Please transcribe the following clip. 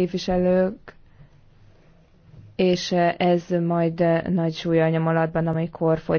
képviselők, és ez majd nagy súlyanyom alatt alatban, amikor folyt